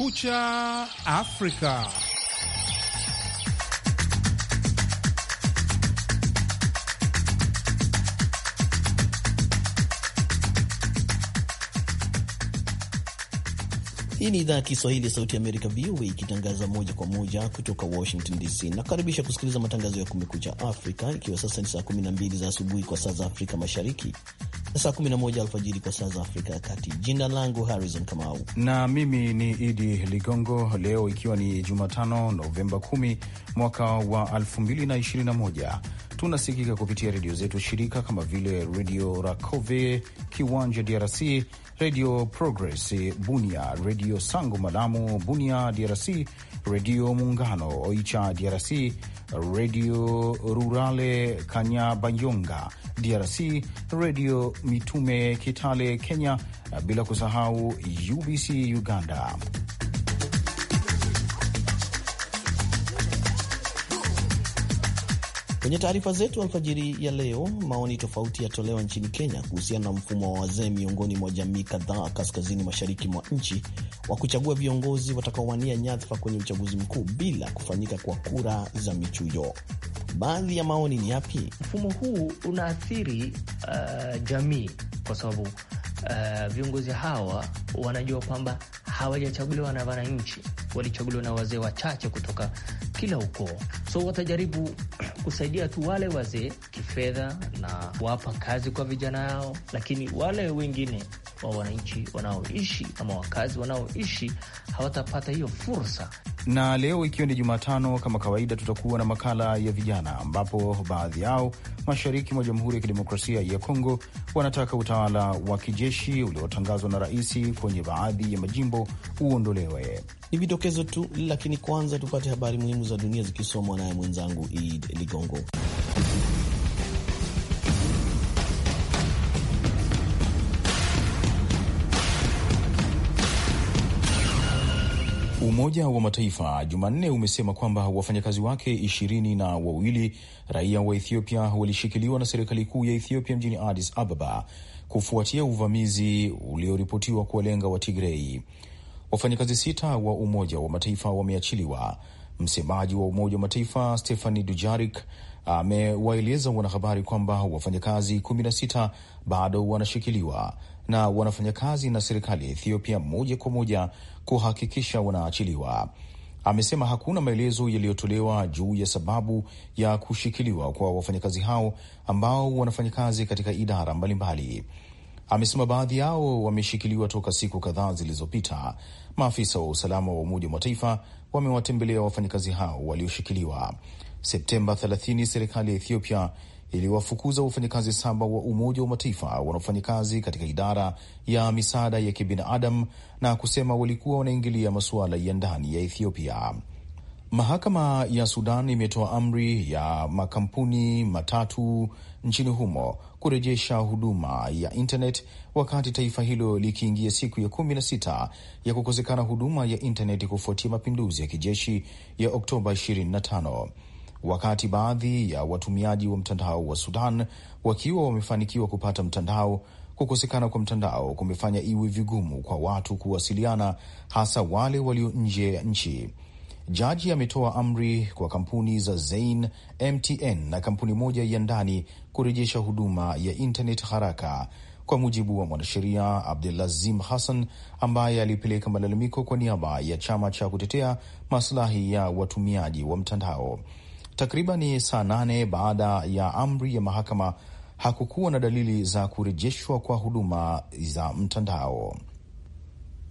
Kumekucha Afrika. Hii ni idhaa ya Kiswahili ya Sauti ya Amerika, VOA, ikitangaza moja kwa moja kutoka Washington DC. Nakaribisha kusikiliza matangazo ya Kumekucha Afrika, ikiwa sasa ni saa 12 za asubuhi kwa saa za Afrika Mashariki saa 11 alfajiri kwa saa za Afrika ya Kati. Jina langu Harrison Kamau na mimi ni Idi Ligongo. Leo ikiwa ni Jumatano, Novemba 10 mwaka wa 2021 tunasikika kupitia redio zetu shirika kama vile Redio Rakove Kiwanja DRC, Redio Progress Bunia, Redio Sango Malamu Bunia DRC, Redio Muungano Oicha DRC, Redio Rurale Kanyabayonga DRC, Redio Mitume Kitale Kenya, bila kusahau UBC Uganda. Kwenye taarifa zetu alfajiri ya leo, maoni tofauti yatolewa nchini Kenya kuhusiana na mfumo wa wazee miongoni mwa jamii kadhaa kaskazini mashariki mwa nchi wa kuchagua viongozi watakaowania nyadhifa kwenye uchaguzi mkuu bila kufanyika kwa kura za michujo. Baadhi ya maoni ni yapi? Mfumo huu unaathiri uh, jamii kwa sababu uh, viongozi hawa wanajua kwamba hawajachaguliwa na wananchi, walichaguliwa na wazee wachache kutoka kila ukoo, so watajaribu kusaidia tu wale wazee kifedha na kuwapa kazi kwa vijana yao, lakini wale wengine wa wananchi wanaoishi ama wakazi wanaoishi hawatapata hiyo fursa. Na leo ikiwa ni Jumatano, kama kawaida, tutakuwa na makala ya vijana, ambapo baadhi yao mashariki mwa Jamhuri ya Kidemokrasia ya Kongo wanataka utawala wa kijeshi uliotangazwa na rais kwenye baadhi ya majimbo uondolewe. Ni vidokezo tu, lakini kwanza tupate habari muhimu za dunia zikisomwa naye mwenzangu Id Ligongo. Umoja wa Mataifa Jumanne umesema kwamba wafanyakazi wake ishirini na wawili raia wa Ethiopia walishikiliwa na serikali kuu ya Ethiopia mjini Addis Ababa kufuatia uvamizi ulioripotiwa kuwalenga tigrei Wafanyakazi sita wa Umoja wa Mataifa wameachiliwa. Msemaji wa Umoja wa Mataifa Stephani Dujarik amewaeleza wanahabari kwamba wafanyakazi 16 bado wanashikiliwa na wanafanyakazi na serikali ya Ethiopia moja kwa moja kuhakikisha wanaachiliwa. Amesema hakuna maelezo yaliyotolewa juu ya sababu ya kushikiliwa kwa wafanyakazi hao ambao wanafanya kazi katika idara mbalimbali. Amesema baadhi yao wameshikiliwa toka siku kadhaa zilizopita. Maafisa wa usalama wa Umoja wa Mataifa wamewatembelea wafanyakazi hao walioshikiliwa. Septemba 30 serikali ya Ethiopia iliwafukuza wafanyakazi saba wa Umoja wa Mataifa wanaofanya kazi katika idara ya misaada ya kibinadamu na kusema walikuwa wanaingilia masuala ya ndani ya Ethiopia. Mahakama ya Sudan imetoa amri ya makampuni matatu nchini humo kurejesha huduma ya intanet wakati taifa hilo likiingia siku ya kumi na sita ya kukosekana huduma ya intaneti kufuatia mapinduzi ya kijeshi ya Oktoba 25 wakati baadhi ya watumiaji wa mtandao wa Sudan wakiwa wamefanikiwa kupata mtandao. Kukosekana kwa mtandao kumefanya iwe vigumu kwa watu kuwasiliana, hasa wale walio nje ya nchi. Jaji ametoa amri kwa kampuni za Zain, MTN na kampuni moja ya ndani kurejesha huduma ya intanet haraka. Kwa mujibu wa mwanasheria Abdulazim Hassan ambaye alipeleka malalamiko kwa niaba ya chama cha kutetea maslahi ya watumiaji wa mtandao, Takribani saa nane baada ya amri ya mahakama, hakukuwa na dalili za kurejeshwa kwa huduma za mtandao.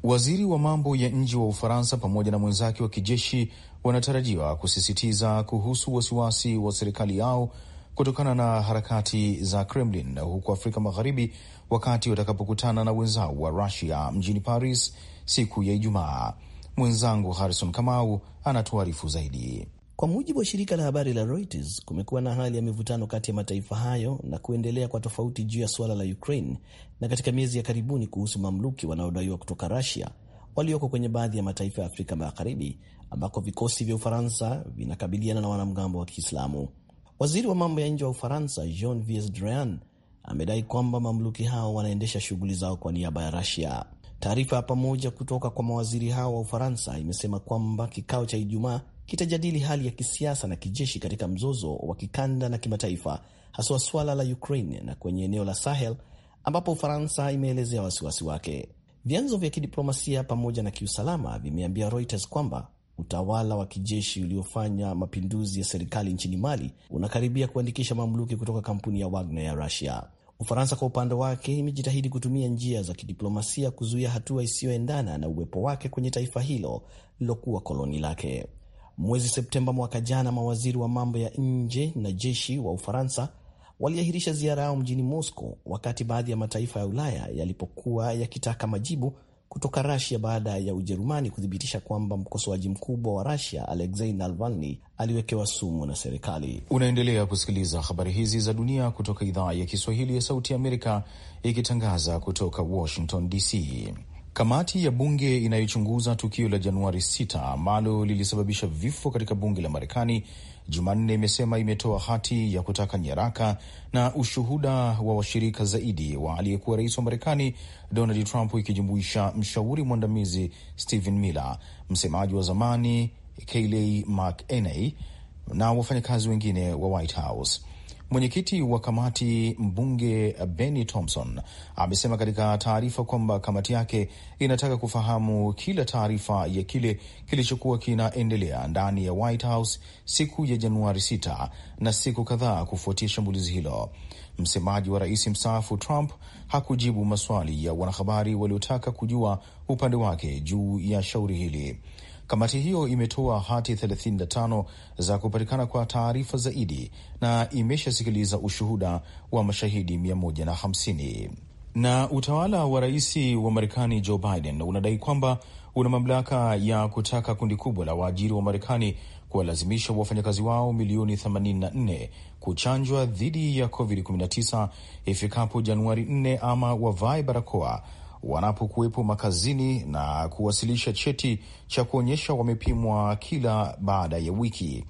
Waziri wa mambo ya nje wa Ufaransa pamoja na mwenzake wa kijeshi wanatarajiwa kusisitiza kuhusu wasiwasi wa serikali yao kutokana na harakati za Kremlin huko Afrika Magharibi wakati watakapokutana na wenzao wa Rusia mjini Paris siku ya Ijumaa. Mwenzangu Harrison Kamau anatuarifu zaidi. Kwa mujibu wa shirika la habari la Reuters, kumekuwa na hali ya mivutano kati ya mataifa hayo na kuendelea kwa tofauti juu ya suala la Ukraine na katika miezi ya karibuni kuhusu mamluki wanaodaiwa kutoka Russia walioko kwenye baadhi ya mataifa ya Afrika Magharibi ambako vikosi vya Ufaransa vinakabiliana na wanamgambo wa Kiislamu. Waziri wa mambo ya nje wa Ufaransa Jean Yves Drian amedai kwamba mamluki hao wanaendesha shughuli zao kwa niaba ya Russia. Taarifa ya pamoja kutoka kwa mawaziri hao wa Ufaransa imesema kwamba kikao cha Ijumaa kitajadili hali ya kisiasa na kijeshi katika mzozo wa kikanda na kimataifa, haswa swala la Ukraine na kwenye eneo la Sahel ambapo Ufaransa imeelezea wasiwasi wake. Vyanzo vya kidiplomasia pamoja na kiusalama vimeambia Reuters kwamba utawala wa kijeshi uliofanya mapinduzi ya serikali nchini Mali unakaribia kuandikisha mamluki kutoka kampuni ya Wagner ya Russia. Ufaransa kwa upande wake imejitahidi kutumia njia za kidiplomasia kuzuia hatua isiyoendana na uwepo wake kwenye taifa hilo lilokuwa koloni lake. Mwezi Septemba mwaka jana, mawaziri wa mambo ya nje na jeshi wa Ufaransa waliahirisha ziara yao mjini Moscow wakati baadhi ya mataifa ya Ulaya yalipokuwa yakitaka majibu kutoka Rasia baada ya Ujerumani kuthibitisha kwamba mkosoaji mkubwa wa Rasia Alexei Navalny aliwekewa sumu na serikali. Unaendelea kusikiliza habari hizi za dunia kutoka idhaa ya Kiswahili ya Sauti ya Amerika ikitangaza kutoka Washington DC. Kamati ya bunge inayochunguza tukio la Januari 6 ambalo lilisababisha vifo katika bunge la Marekani Jumanne imesema imetoa hati ya kutaka nyaraka na ushuhuda wa washirika zaidi wa aliyekuwa rais wa Marekani Donald Trump, ikijumuisha mshauri mwandamizi Stephen Miller, msemaji wa zamani Kayleigh McEnany na wafanyakazi wengine wa White House. Mwenyekiti wa kamati mbunge Benny Thompson amesema katika taarifa kwamba kamati yake inataka kufahamu kila taarifa ya kile kilichokuwa kinaendelea ndani ya White House siku ya Januari 6 na siku kadhaa kufuatia shambulizi hilo. Msemaji wa rais mstaafu Trump hakujibu maswali ya wanahabari waliotaka kujua upande wake juu ya shauri hili. Kamati hiyo imetoa hati 35 za kupatikana kwa taarifa zaidi na imeshasikiliza ushuhuda wa mashahidi 150. Na utawala wa rais wa Marekani Joe Biden unadai kwamba una mamlaka ya kutaka kundi kubwa la waajiri wa Marekani kuwalazimisha wafanyakazi wao milioni 84 kuchanjwa dhidi ya COVID-19 ifikapo Januari 4 ama wavae barakoa wanapokuwepo makazini na kuwasilisha cheti cha kuonyesha wamepimwa kila baada ya wiki.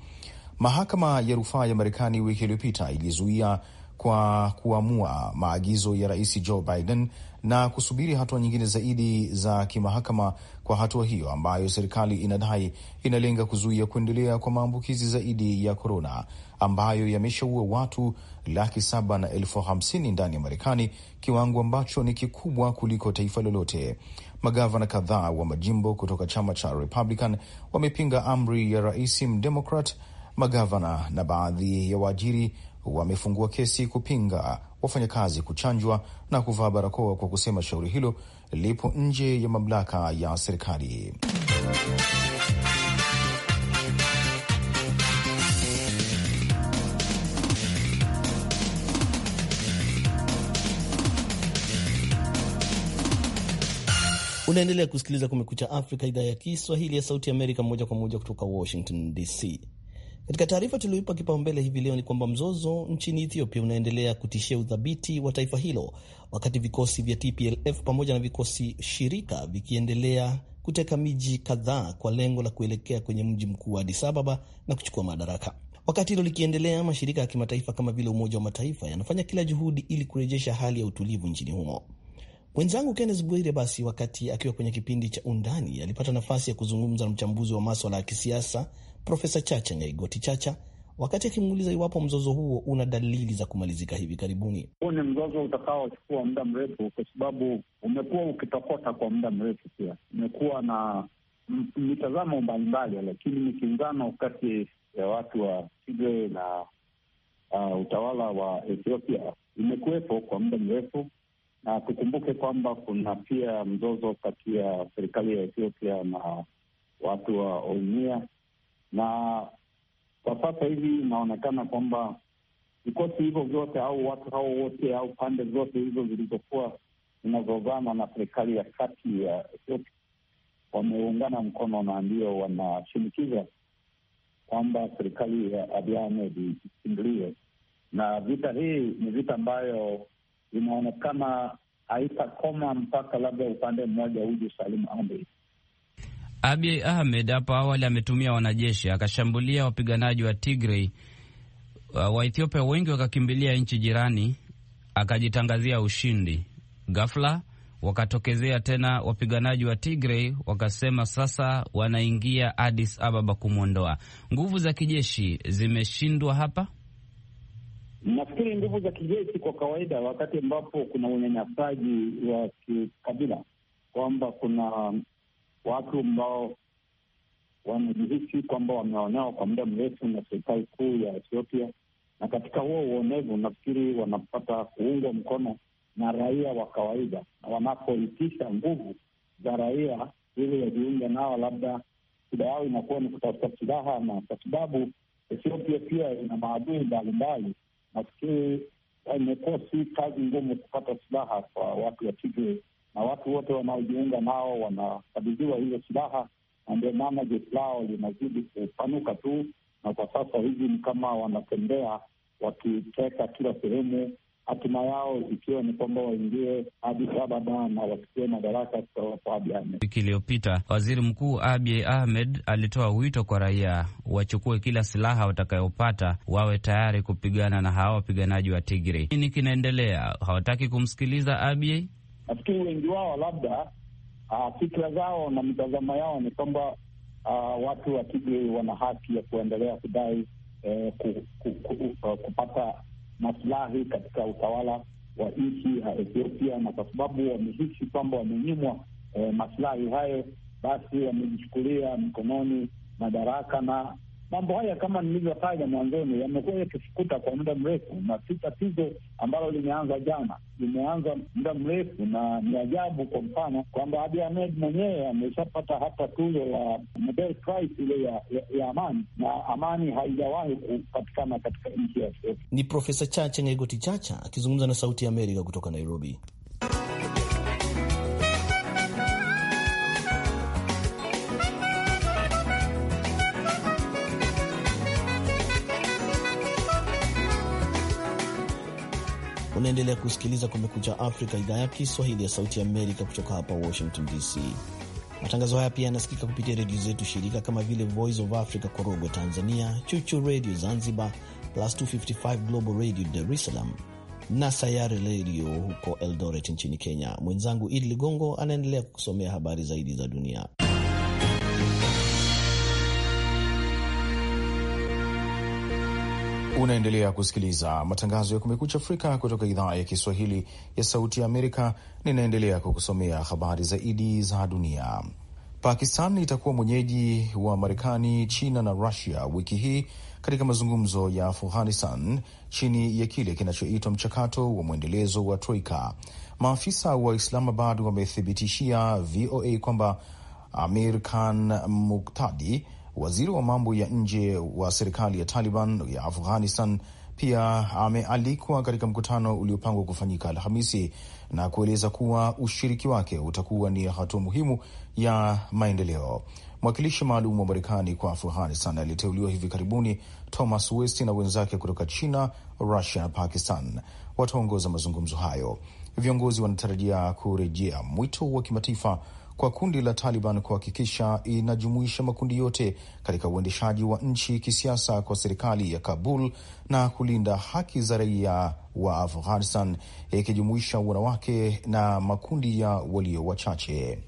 Mahakama ya rufaa ya Marekani wiki iliyopita ilizuia kwa kuamua maagizo ya rais Joe Biden na kusubiri hatua nyingine zaidi za kimahakama kwa hatua hiyo ambayo serikali inadai inalenga kuzuia kuendelea kwa maambukizi zaidi ya korona ambayo yameshaua watu laki saba na elfu hamsini ndani ya Marekani, kiwango ambacho ni kikubwa kuliko taifa lolote. Magavana kadhaa wa majimbo kutoka chama cha Republican wamepinga amri ya rais Mdemokrat. Magavana na baadhi ya waajiri wamefungua kesi kupinga wafanyakazi kuchanjwa na kuvaa barakoa kwa kusema shauri hilo lipo nje ya mamlaka ya serikali. Unaendelea kusikiliza Kumekucha Afrika, idhaa ya Kiswahili ya Sauti ya Amerika, moja kwa moja kutoka Washington DC. Katika taarifa tulioipa kipaumbele hivi leo ni kwamba mzozo nchini Ethiopia unaendelea kutishia uthabiti wa taifa hilo, wakati vikosi vya TPLF pamoja na vikosi shirika vikiendelea kuteka miji kadhaa kwa lengo la kuelekea kwenye mji mkuu wa Addis Ababa na kuchukua madaraka. Wakati hilo likiendelea, mashirika ya kimataifa kama vile Umoja wa Mataifa yanafanya kila juhudi ili kurejesha hali ya utulivu nchini humo. Mwenzangu Kennes Bwire basi wakati akiwa kwenye kipindi cha Undani alipata nafasi ya kuzungumza na mchambuzi wa maswala ya kisiasa Profesa Chacha Nyaigoti Chacha wakati akimuuliza iwapo mzozo huo una dalili za kumalizika hivi karibuni. Huu ni mzozo utakaochukua muda mrefu, kwa sababu umekuwa ukitokota kwa muda mrefu. Pia umekuwa na mitazamo mbalimbali, lakini mikinzano kati ya watu wa Tigray na uh, utawala wa Ethiopia imekuwepo kwa muda mrefu, na tukumbuke kwamba kuna pia mzozo kati ya serikali ya Ethiopia na watu wa Oromia na kwa sasa hivi inaonekana kwamba vikosi hivyo vyote au watu hao wote au pande zote hizo zilizokuwa zinazozana na serikali ya kati ya Ethiopia wameungana mkono na ndio wanashinikiza kwamba serikali ya Abiy Ahmed isinduliwe. Na vita hii ni vita ambayo inaonekana haitakoma mpaka labda upande mmoja huju salimu amri. Abiy Ahmed hapo awali ametumia wanajeshi akashambulia wapiganaji wa Tigray uh, wa Ethiopia, wengi wakakimbilia nchi jirani, akajitangazia ushindi. Ghafla wakatokezea tena wapiganaji wa Tigray wakasema sasa wanaingia Addis Ababa kumwondoa. Nguvu za kijeshi zimeshindwa hapa. Nafikiri nguvu za kijeshi kwa kawaida, wakati ambapo kuna unyanyasaji wa kikabila, kwamba kuna watu ambao wanajihisi kwamba wameonewa kwa muda mrefu na serikali kuu ya Ethiopia, na katika huo uonevu nafikiri wanapata kuungwa mkono na raia wa kawaida, na wanapoitisha nguvu za raia ili wajiunge nao, labda shida yao inakuwa ni kutafuta silaha, na kwa sababu Ethiopia pia ina maadui mbalimbali, nafikiri imekuwa si kazi ngumu kupata silaha kwa watu wa Tigray na watu wote wanaojiunga nao wanakabidhiwa hizo silaha, na ndio maana jeshi lao linazidi kupanuka tu, na kwa sasa hivi ni kama wanatembea wakiteka kila sehemu, hatima yao ikiwa ni kwamba waingie Addis Ababa na wachukue madaraka kutoka kwa Abiy Ahmed. Wiki iliyopita waziri mkuu Abiy Ahmed alitoa wito kwa raia wachukue kila silaha watakayopata, wawe tayari kupigana na hawa wapiganaji wa Tigray. Nini kinaendelea? Hawataki kumsikiliza Abiy nafikiri wengi wao labda ah, fikra zao na mitazamo yao ni kwamba uh, watu wa wana haki ya kuendelea kudai eh, ku, ku, ku, uh, kupata maslahi katika utawala wa nchi ya Ethiopia, na kwa sababu wamehisi kwamba wamenyimwa eh, maslahi hayo, basi wamejichukulia mikononi madaraka na mambo haya kama nilivyotaja mwanzoni yamekuwa yakifukuta kwa muda mrefu, na si tatizo ambalo limeanza jana, limeanza muda mrefu, na ni ajabu kwa mfano kwamba Abiy Ahmed mwenyewe ameshapata hata tuzo la Nobel Prize ile ya, ya, ya amani, na amani haijawahi kupatikana katika nchi ya Ethiopia. Ni Profesa Chacha Nyegoti Chacha akizungumza na Sauti ya Amerika kutoka Nairobi. Unaendelea kusikiliza Kumekucha Afrika, idhaa ya Kiswahili ya Sauti ya Amerika kutoka hapa Washington DC. Matangazo haya pia yanasikika kupitia redio zetu shirika kama vile Voice of Africa Korogwe Tanzania, Chuchu Redio Zanzibar, Plus 255 Global Radio Dar es Salaam na Sayare Redio huko Eldoret nchini Kenya. Mwenzangu Idi Ligongo anaendelea kukusomea habari zaidi za dunia. Unaendelea kusikiliza matangazo ya Kumekucha Afrika kutoka idhaa ya Kiswahili ya Sauti ya Amerika. Ninaendelea kukusomea habari zaidi za dunia. Pakistan itakuwa mwenyeji wa Marekani, China na Rusia wiki hii katika mazungumzo ya Afghanistan chini ya kile kinachoitwa mchakato wa mwendelezo wa Troika. Maafisa wa Islamabad wamethibitishia VOA kwamba Amir Khan Muktadi Waziri wa mambo ya nje wa serikali ya Taliban ya Afghanistan pia amealikwa katika mkutano uliopangwa kufanyika Alhamisi na kueleza kuwa ushiriki wake utakuwa ni hatua muhimu ya maendeleo. Mwakilishi maalum wa Marekani kwa Afghanistan aliyeteuliwa hivi karibuni Thomas West na wenzake kutoka China, russia na Pakistan wataongoza mazungumzo hayo. Viongozi wanatarajia kurejea mwito wa kimataifa kwa kundi la Taliban kuhakikisha inajumuisha makundi yote katika uendeshaji wa nchi kisiasa kwa serikali ya Kabul na kulinda haki za raia wa Afghanistan ikijumuisha wanawake na makundi ya walio wachache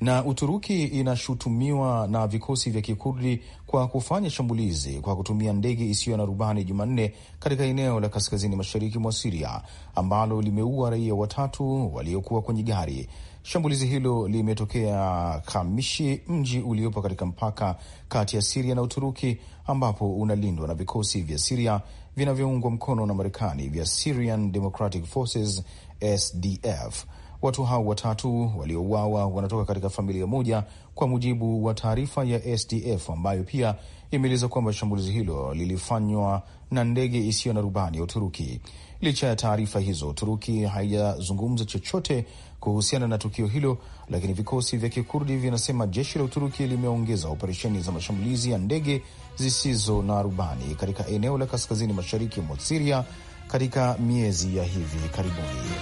na Uturuki inashutumiwa na vikosi vya kikurdi kwa kufanya shambulizi kwa kutumia ndege isiyo na rubani Jumanne katika eneo la kaskazini mashariki mwa Siria ambalo limeua raia watatu waliokuwa kwenye gari. Shambulizi hilo limetokea Kamishi, mji uliopo katika mpaka kati ya Siria na Uturuki, ambapo unalindwa na vikosi vya Siria vinavyoungwa mkono na Marekani vya Syrian Democratic Forces SDF. Watu hao watatu waliouawa wanatoka katika familia moja, kwa mujibu wa taarifa ya SDF ambayo pia imeeleza kwamba shambulizi hilo lilifanywa na ndege isiyo na rubani ya Uturuki. Licha ya taarifa hizo, Uturuki haijazungumza chochote kuhusiana na tukio hilo, lakini vikosi vya kikurdi vinasema jeshi la Uturuki limeongeza operesheni za mashambulizi ya ndege zisizo na rubani katika eneo la kaskazini mashariki mwa Siria katika miezi ya hivi karibuni.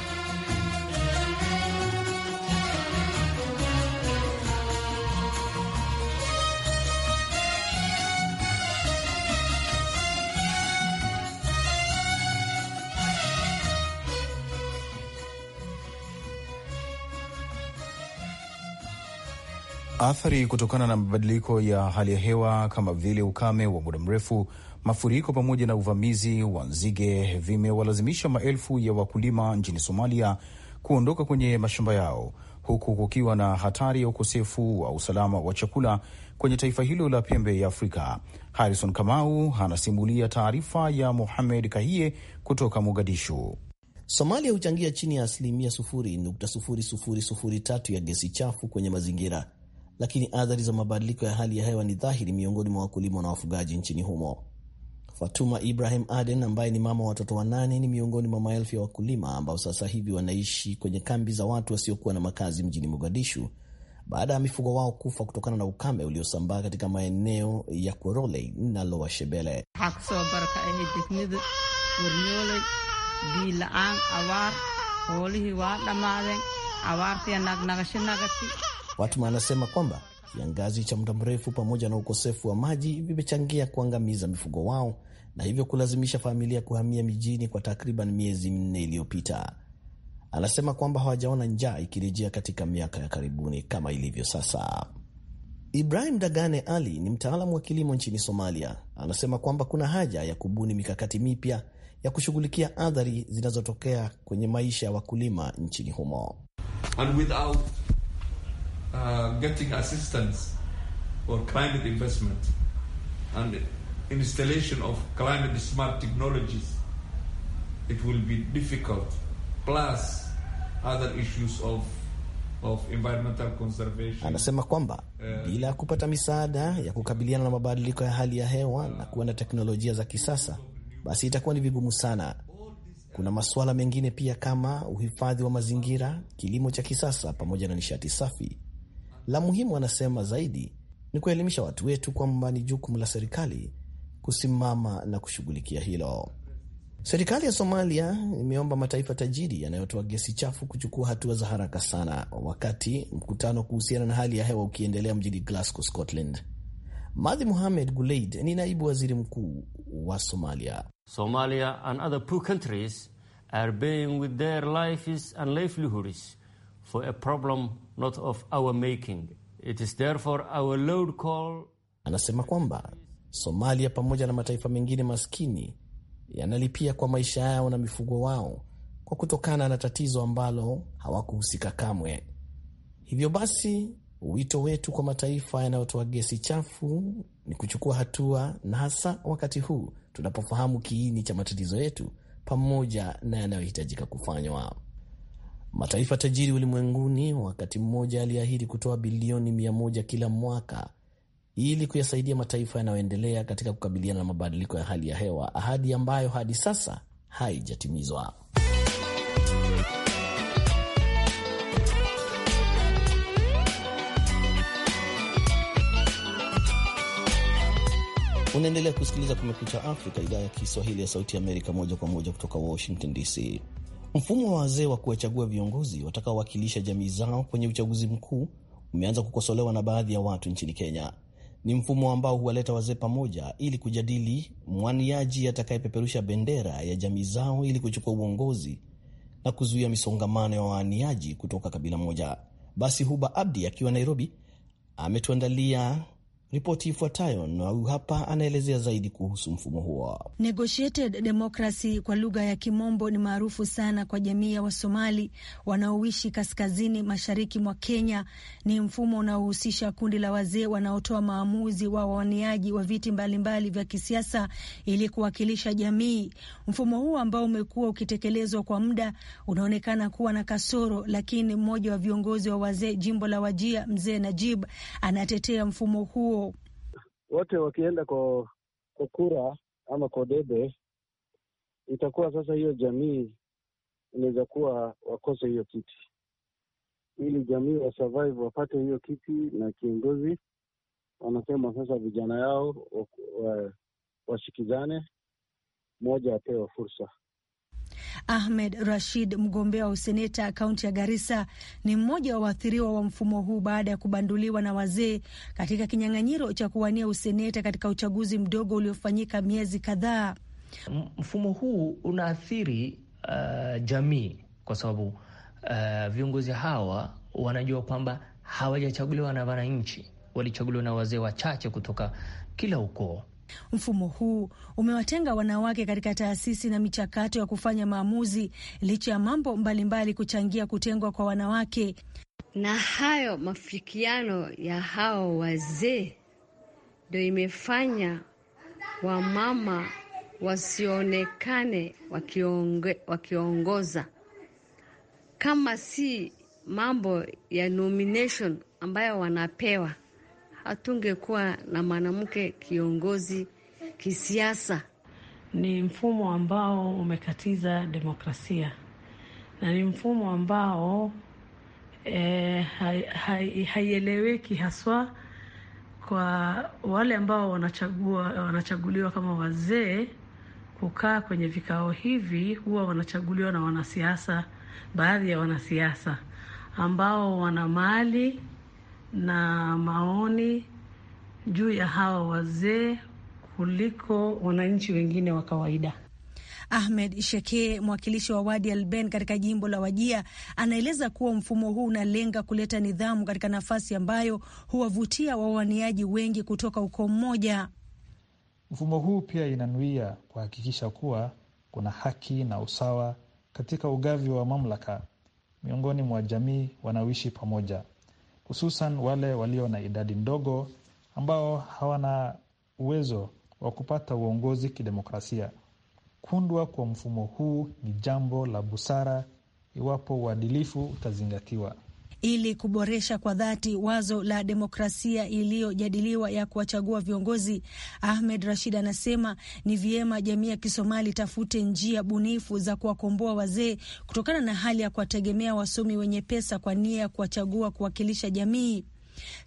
Athari kutokana na mabadiliko ya hali ya hewa kama vile ukame wa muda mrefu, mafuriko pamoja na uvamizi wa nzige vimewalazimisha maelfu ya wakulima nchini Somalia kuondoka kwenye mashamba yao huku kukiwa na hatari ya ukosefu wa usalama wa chakula kwenye taifa hilo la pembe ya Afrika. Harrison Kamau anasimulia taarifa ya Mohamed Kahiye kutoka Mogadishu. Somalia huchangia chini ya asilimia 0.0003 ya gesi chafu kwenye mazingira lakini athari za mabadiliko ya hali ya hewa ni dhahiri miongoni mwa wakulima na wafugaji nchini humo. Fatuma Ibrahim Aden ambaye ni mama watoto wanane ni miongoni mwa maelfu ya wakulima ambao sasa hivi wanaishi kwenye kambi za watu wasiokuwa na makazi mjini Mogadishu baada ya mifugo wao kufa kutokana na ukame uliosambaa katika maeneo ya Korole na Lower Shebele. Watma anasema kwamba kiangazi cha muda mrefu pamoja na ukosefu wa maji vimechangia kuangamiza mifugo wao na hivyo kulazimisha familia kuhamia mijini kwa takriban miezi minne iliyopita. Anasema kwamba hawajaona njaa ikirejea katika miaka ya karibuni kama ilivyo sasa. Ibrahim Dagane Ali ni mtaalamu wa kilimo nchini Somalia. Anasema kwamba kuna haja ya kubuni mikakati mipya ya kushughulikia athari zinazotokea kwenye maisha ya wakulima nchini humo. And without uh, getting assistance for climate investment and installation of climate smart technologies, it will be difficult. Plus other issues of, of environmental conservation. Anasema kwamba uh, bila ya kupata misaada ya kukabiliana na mabadiliko ya hali ya hewa na uh, kuwa na teknolojia za kisasa, basi itakuwa ni vigumu sana. Kuna masuala mengine pia kama uhifadhi wa mazingira, kilimo cha kisasa pamoja na nishati safi la muhimu, anasema, zaidi ni kuelimisha watu wetu kwamba ni jukumu la serikali kusimama na kushughulikia hilo. Serikali ya Somalia imeomba mataifa tajiri yanayotoa gesi chafu kuchukua hatua za haraka sana, wakati mkutano kuhusiana na hali ya hewa ukiendelea mjini Glasgow, Scotland. Madhi Muhamed Guleid ni naibu waziri mkuu wa Somalia. Somalia and other poor countries are being with their lives and livelihoods for a problem not of our making. It is therefore our loud call. Anasema kwamba Somalia pamoja na mataifa mengine maskini yanalipia kwa maisha yao na mifugo wao kwa kutokana na tatizo ambalo hawakuhusika kamwe. Hivyo basi, wito wetu kwa mataifa yanayotoa gesi chafu ni kuchukua hatua, na hasa wakati huu tunapofahamu kiini cha matatizo yetu pamoja na yanayohitajika kufanywa mataifa tajiri ulimwenguni wakati mmoja aliahidi kutoa bilioni mia moja kila mwaka ili kuyasaidia mataifa yanayoendelea katika kukabiliana na mabadiliko ya hali ya hewa, ahadi ambayo hadi sasa haijatimizwa. Unaendelea kusikiliza Kumekucha Afrika, idhaa ya Kiswahili ya Sauti ya Amerika, moja kwa moja kutoka Washington DC. Mfumo wa wazee wa kuwachagua viongozi watakaowakilisha jamii zao kwenye uchaguzi mkuu umeanza kukosolewa na baadhi ya watu nchini Kenya. Ni mfumo ambao huwaleta wazee pamoja ili kujadili mwaniaji atakayepeperusha bendera ya jamii zao ili kuchukua uongozi na kuzuia misongamano ya waaniaji kutoka kabila moja. Basi Huba Abdi akiwa Nairobi ametuandalia Ripoti ifuatayo na hapa anaelezea zaidi kuhusu mfumo huo. Negotiated democracy kwa lugha ya Kimombo ni maarufu sana kwa jamii ya Wasomali wanaoishi kaskazini mashariki mwa Kenya. Ni mfumo unaohusisha kundi la wazee wanaotoa maamuzi wa wawaniaji wa viti mbalimbali vya kisiasa ili kuwakilisha jamii. Mfumo huo ambao umekuwa ukitekelezwa kwa muda unaonekana kuwa na kasoro, lakini mmoja wa viongozi wa wazee jimbo la Wajia, Mzee Najib, anatetea mfumo huo wote wakienda kwa, kwa kura ama kwa debe, itakuwa sasa hiyo jamii inaweza kuwa wakose hiyo kiti, ili jamii wa survive wapate hiyo kiti, na kiongozi wanasema sasa vijana yao washikizane, wa, wa moja apewa fursa Ahmed Rashid, mgombea wa useneta kaunti ya Garissa, ni mmoja wa waathiriwa wa mfumo huu baada ya kubanduliwa na wazee katika kinyang'anyiro cha kuwania useneta katika uchaguzi mdogo uliofanyika miezi kadhaa. Mfumo huu unaathiri uh, jamii kwa sababu uh, viongozi hawa wanajua kwamba hawajachaguliwa na wananchi, walichaguliwa na wazee wachache kutoka kila ukoo. Mfumo huu umewatenga wanawake katika taasisi na michakato ya kufanya maamuzi, licha ya mambo mbalimbali mbali kuchangia kutengwa kwa wanawake na hayo mafikiano ya hao wazee ndio imefanya wamama wasionekane wakionge, wakiongoza kama si mambo ya nomination ambayo wanapewa hatungekuwa na mwanamke kiongozi kisiasa. Ni mfumo ambao umekatiza demokrasia na ni mfumo ambao e, haieleweki hai, haswa kwa wale ambao wanachagua, wanachaguliwa kama wazee kukaa kwenye vikao hivi. Huwa wanachaguliwa na wanasiasa, baadhi ya wanasiasa ambao wana mali na maoni juu ya hawa wazee kuliko wananchi wengine wa kawaida. Ahmed Shekee, mwakilishi wa wadi Alben katika jimbo la Wajia, anaeleza kuwa mfumo huu unalenga kuleta nidhamu katika nafasi ambayo huwavutia wawaniaji wengi kutoka ukoo mmoja. Mfumo huu pia inanuia kuhakikisha kuwa kuna haki na usawa katika ugavi wa mamlaka miongoni mwa jamii wanaoishi pamoja hususan wale walio na idadi ndogo ambao hawana uwezo wa kupata uongozi kidemokrasia. Kundwa kwa mfumo huu ni jambo la busara iwapo uadilifu utazingatiwa ili kuboresha kwa dhati wazo la demokrasia iliyojadiliwa ya kuwachagua viongozi. Ahmed Rashid anasema ni vyema jamii ya Kisomali tafute njia bunifu za kuwakomboa wazee kutokana na hali ya kuwategemea wasomi wenye pesa kwa nia ya kuwachagua kuwakilisha jamii.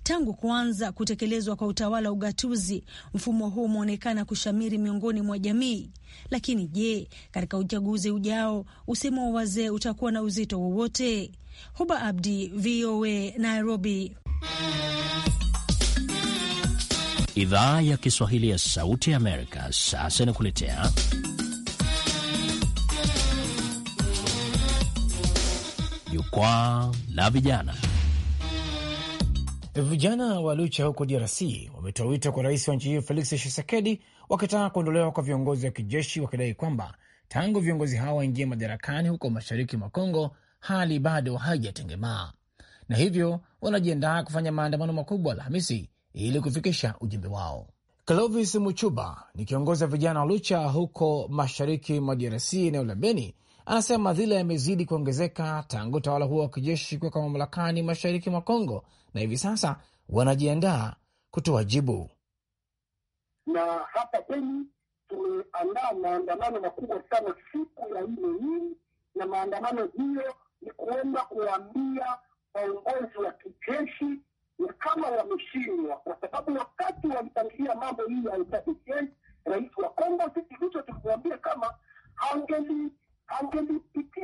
Tangu kuanza kutekelezwa kwa utawala ugatuzi, mfumo huu umeonekana kushamiri miongoni mwa jamii. Lakini je, katika uchaguzi ujao usemo wa wazee utakuwa na uzito wowote? Huba Abdi, VOA Nairobi. Idhaa ya Kiswahili ya Sauti ya Amerika sasa inakuletea jukwaa la vijana. Vijana wa Lucha huko DRC wametoa wito kwa rais wa nchi hiyo Felix Tshisekedi, wakitaka kuondolewa kwa viongozi wa kijeshi, wakidai kwamba tangu viongozi hao waingie madarakani huko mashariki mwa Kongo, hali bado haijatengemaa na hivyo wanajiandaa kufanya maandamano makubwa Alhamisi ili kufikisha ujumbe wao. Clovis Muchuba ni kiongozi wa vijana wa Lucha huko mashariki mwa DRC, eneo la Beni, anasema madhila yamezidi kuongezeka tangu utawala huo wa kijeshi kuweka mamlakani mashariki mwa Kongo na hivi sasa wanajiandaa kutoa jibu. Na hapa kwenu tumeandaa maandamano makubwa sana siku ya nne hii, na maandamano hiyo ni kuenda kuwaambia waongozi wa kijeshi na kama wameshindwa, kwa sababu wakati walipangilia mambo hii ya rais wa Kongo, sisi hicho tulikwambia kama angeli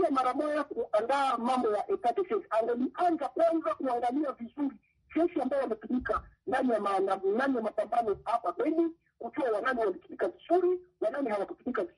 ile mara moja kuandaa mambo ya angelianza kwanza kuangalia vizuri jeshi ambayo wametumika ndani ya maandamano, ndani ya mapambano hapa Beni, kujua wanani walitumika vizuri, wanani hawakutumika vizuri.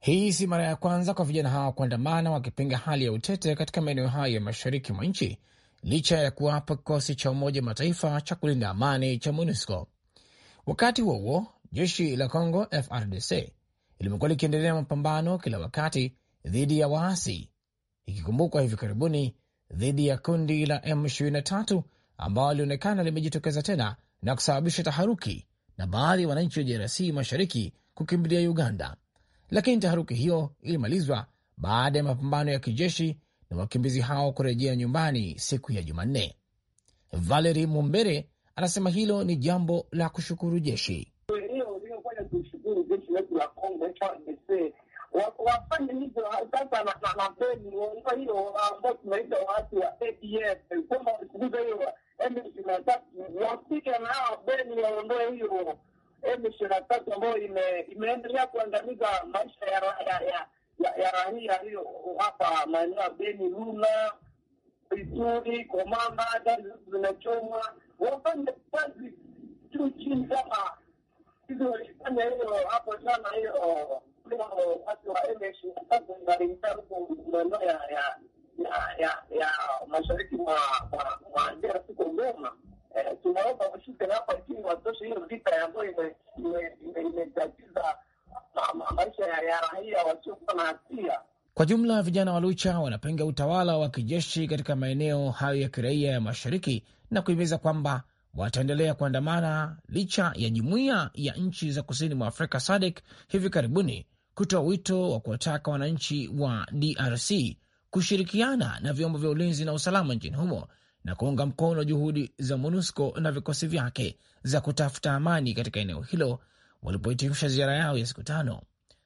Hii si mara ya kwanza kwa vijana hawa kuandamana wakipinga hali ya utete katika maeneo hayo ya mashariki mwa nchi licha ya kuwapa kikosi cha Umoja Mataifa cha kulinda amani cha MONUSCO. Wakati huo huo, jeshi la Congo FRDC limekuwa likiendelea mapambano kila wakati dhidi ya waasi, ikikumbukwa hivi karibuni dhidi ya kundi la M23 ambao lilionekana limejitokeza tena na kusababisha taharuki na baadhi ya wananchi wa DRC mashariki kukimbilia Uganda, lakini taharuki hiyo ilimalizwa baada ya mapambano ya kijeshi na wakimbizi hao kurejea nyumbani siku ya Jumanne. valeri Mumbere anasema hilo ni jambo la kushukuru jeshi. wafanye hivyo sasa, na beni hiyo ambao tunaita watu wa ADF kwamba hiyo M ishirini na tatu, na hawa beni waondoe hiyo M ishirini na tatu imeendelea kuangamiza maisha ya raia ya raia hiyo hapa maeneo ya Beni, Luna, Ituri, Komanda, gari zote zinachomwa. Wafanye kazi juu chini, kama hizi hiyo hapo jana, hiyo watu wa M ishirini na tatu inaringia ya mashariki mwa DRC, Goma tunaomba washuke hapa lakini watoshe. Hiyo vita ambayo imetatiza maisha ya raia wasiokuwa na hatia. Kwa jumla, vijana wa Lucha wanapinga utawala wa kijeshi katika maeneo hayo ya kiraia ya mashariki na kuhimiza kwamba wataendelea kuandamana licha ya jumuiya ya nchi za kusini mwa Afrika SADC hivi karibuni kutoa wito wa kuwataka wananchi wa DRC kushirikiana na vyombo vya ulinzi na usalama nchini humo na kuunga mkono juhudi za MONUSCO na vikosi vyake za kutafuta amani katika eneo hilo walipohitimisha ziara yao ya siku tano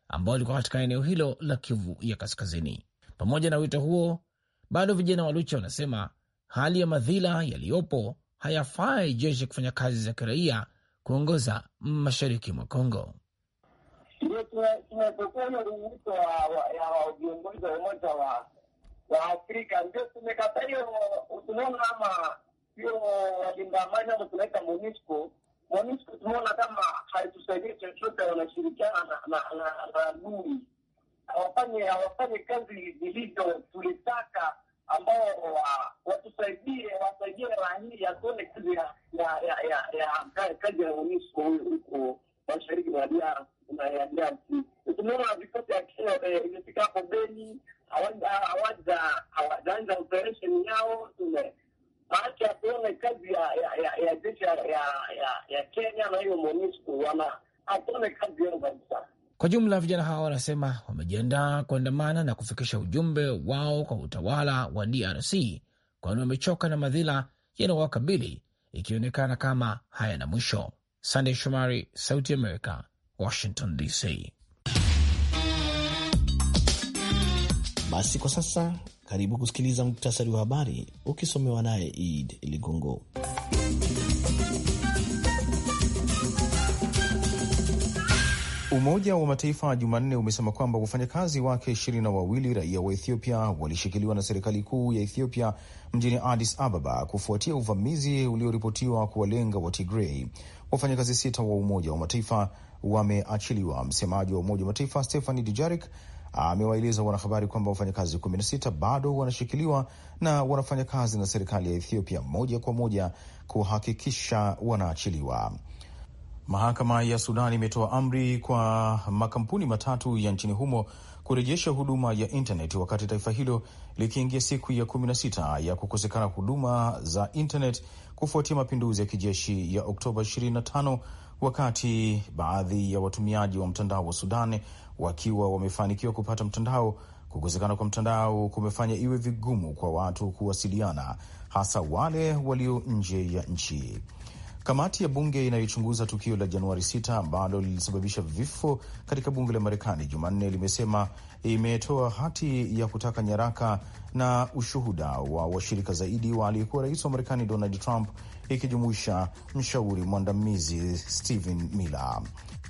ambao walikuwa katika eneo hilo la Kivu ya Kaskazini. Pamoja na wito huo, bado vijana wa Lucha wanasema hali ya madhila yaliyopo hayafai jeshi kufanya kazi za kiraia kuongoza mashariki mwa Kongo. Tumepokea hiyo wito ya viongozi wa Umoja wa Waafrika ndio tumekata hiyo tunaona, ama hiyo walinda amani ama tunaita MONUSCO. MONUSCO tumeona kama haitusaidia chochote, wanashirikiana na adui, hawafanye hawafanye kazi zilivyo tulitaka, ambao watusaidie wasaidie rahii, atuone kazi ya kazi ya MONUSCO huko mashariki mwa DRC na ya DRC. Tumeona vikosi ya Kenya eh, imefika hapo Beni, hawaja yao, kazi ya ya jeshi ya, ya, ya, ya, Kenya na hiyo MONUSCO wana kazi yao kabisa. Kwa jumla vijana hawa wanasema wamejiandaa kuandamana na kufikisha ujumbe wao kwa utawala wa DRC, kwani wamechoka na madhila yanayowakabili ikionekana kama hayana mwisho. Sandey Shomari, Sauti America, Washington DC. Basi kwa sasa, karibu kusikiliza muktasari wa habari ukisomewa naye Id Ligongo. Umoja wa Mataifa Jumanne umesema kwamba wafanyakazi wake ishirini na wawili raia wa Ethiopia walishikiliwa na serikali kuu ya Ethiopia mjini Addis Ababa kufuatia uvamizi ulioripotiwa kuwalenga wa Tigrei. Wafanyakazi sita wa Umoja wa Mataifa wameachiliwa. Msemaji wa Umoja wa Mataifa Stephane Dujarric amewaeleza wanahabari kwamba wafanyakazi 16 bado wanashikiliwa na wanafanya kazi na serikali ya Ethiopia moja kwa moja kuhakikisha wanaachiliwa. Mahakama ya Sudan imetoa amri kwa makampuni matatu ya nchini humo kurejesha huduma ya intaneti wakati taifa hilo likiingia siku ya 16 ya kukosekana huduma za intnet kufuatia mapinduzi ya kijeshi ya Oktoba 25 wakati baadhi ya watumiaji wa mtandao wa Sudan wakiwa wamefanikiwa kupata mtandao. Kukosekana kwa mtandao kumefanya iwe vigumu kwa watu kuwasiliana, hasa wale walio nje ya nchi. Kamati ya bunge inayochunguza tukio la Januari 6 ambalo lilisababisha vifo katika bunge la Marekani Jumanne limesema imetoa hati ya kutaka nyaraka na ushuhuda wa washirika zaidi wa aliyekuwa rais wa Marekani Donald Trump, ikijumuisha mshauri mwandamizi Stephen Miller.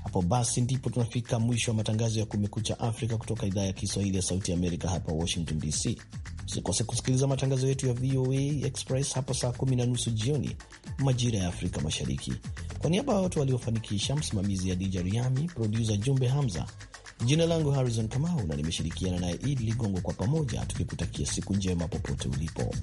Hapo basi ndipo tunafika mwisho wa matangazo ya Kumekucha Afrika kutoka idhaa ya Kiswahili ya Sauti ya Amerika hapa Washington DC. Usikose kusikiliza matangazo yetu ya VOA Express hapo saa kumi na nusu jioni majira ya Afrika Mashariki. Kwa niaba ya watu waliofanikisha, msimamizi ya Dija Riami, produsa Jumbe Hamza, jina langu Harrison Kamau na nimeshirikiana naye Idi Ligongo, kwa pamoja tukikutakia siku njema popote ulipo.